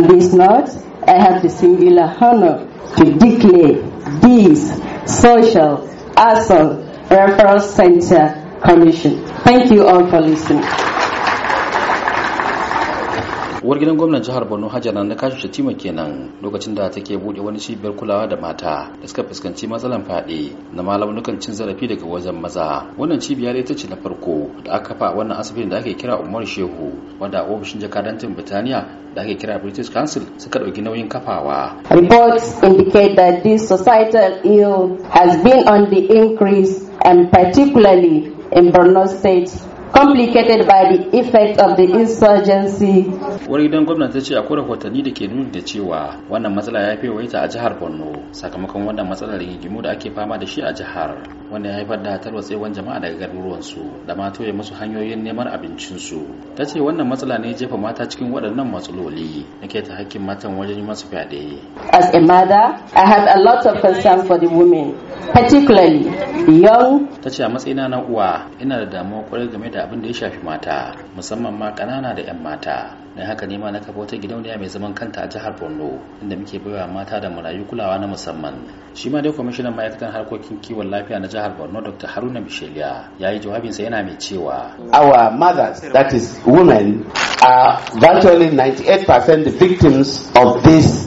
On this note, I have the singular honor to declare this social action referral center commission. Thank you all for listening. uwar gidan gwamnan jihar borno hajjana na kashi shatima kenan lokacin da take bude wani cibiyar kulawa da mata da suka fuskanci matsalan fyaɗe na malamunukan cin zarafi daga wajen maza wannan cibiyar ita ce na farko da aka kafa wannan asibitin da ake kira umar shehu wanda ofishin jakadancin birtaniya da ake kira british council suka ɗauki nauyin kafawa reports indicate that this societal ill has been on the increase and particularly in borno state complicated by the effect of the insurgency. Wani gidan gwamnati ta ce akwai rahotanni da ke nuna da cewa wannan matsala ya fi waita a jihar Borno sakamakon wannan matsalar rigimu da ake fama da shi a jihar wanda ya haifar da hatar tsewan jama'a daga garuruwansu da ma ya musu hanyoyin neman abincinsu. Ta ce wannan matsala ne jefa mata cikin waɗannan matsaloli da ke ta hakkin matan wajen yi masu fyaɗe. As a mother, I had a lot of concern for the women, particularly the young. Ta ce a matsayina na uwa ina da damuwa kwarai game da abin da ya shafi mata musamman ma kanana da 'yan mata na haka ne ma na kafa wata gidauniya mai zaman kanta a jihar borno inda muke baiwa mata da marayu kulawa na musamman shi ma dai kwamishinan ma'aikatan harkokin kiwon lafiya na jihar borno dr haruna misheliya ya yi jawabinsa yana mai cewa our mothers that is women are virtually 98% the victims of this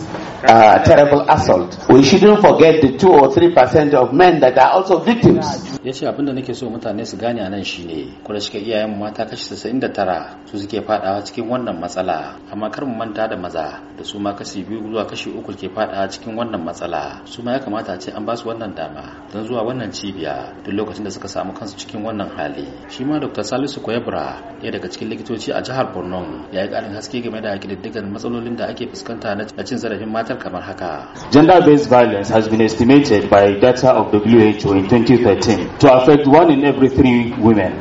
Uh, uh, terrible assault. We shouldn't forget the two or three percent of men that are also victims. Ya ce abinda nake so mutane su gane a nan shine kuma shi iyayen mata kashi 69 su suke fadawa cikin wannan matsala amma kar mu manta da maza da su ma kashi biyu zuwa kashi uku ke fadawa cikin wannan matsala su ma ya kamata a ce an ba su wannan dama don zuwa wannan cibiya duk lokacin da suka samu kansu cikin wannan hali shi ma Dr. Salisu Koyabra ya daga cikin likitoci a jihar Borno ya yi ƙarin haske game da kididdigar matsalolin da ake fuskanta na cin zarafin mata rahoton kamar haka. Gender-based violence has been estimated by data of WHO in 2013 to affect one in every three women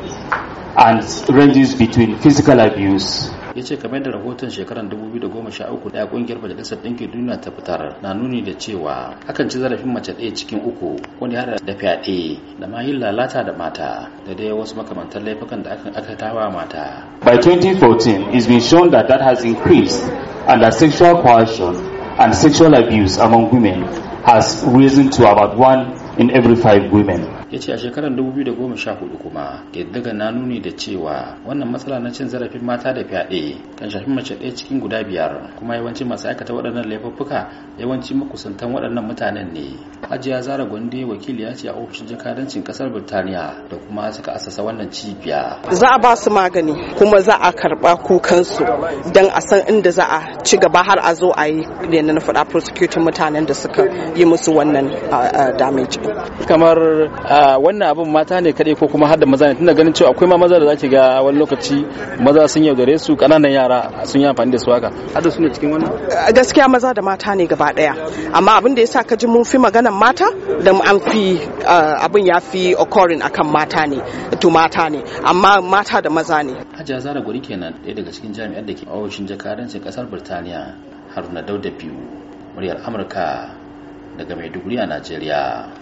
and ranges between physical abuse, ya ce kamar da rahoton shekarar 2013 da kungiyar majalisar ɗinkin duniya ta fitar na nuni da cewa akan ci zarafin mace ɗaya cikin uku wanda ya da fyaɗe da ma yin lalata da mata da dai wasu makamantan laifukan da aka tawa mata. By 2014, it's been shown that that has increased and sexual coercion and sexual abuse among women has risen to about one in every five women. ya ce a shekarar 2014 kuma ƙididdiga na nuni da cewa wannan matsala na cin zarafin mata da fyaɗe kan shafi mace ɗaya cikin guda biyar kuma yawancin masu aikata waɗannan laifuffuka yawanci makusantan waɗannan mutanen ne ajiya zara gwande ya ce a ofishin jakadancin kasar birtaniya da kuma suka asasa wannan cibiya za a ba su magani kuma za a karba kukansu don a san inda za a ci gaba har a zo a yi da na faɗa prosecuting mutanen da suka yi musu wannan damage kamar wannan abin mata ne kadai ko kuma har da maza ne tunda ganin cewa akwai ma maza da zaki ga wani lokaci maza sun yaudare su kananan yara sun yi amfani da su haka har da su ne cikin wannan gaskiya maza da mata ne gaba daya amma abin da yasa ka ji mun fi magana bangaren mata da an fi uh, abin ya fi occurring akan mata ne to mata ne amma mata da maza ne hajiya zara guri kenan ɗaya daga cikin jami'ar da ke ofishin jakadancin kasar birtaniya haruna dauda biyu muryar amurka daga maiduguri a najeriya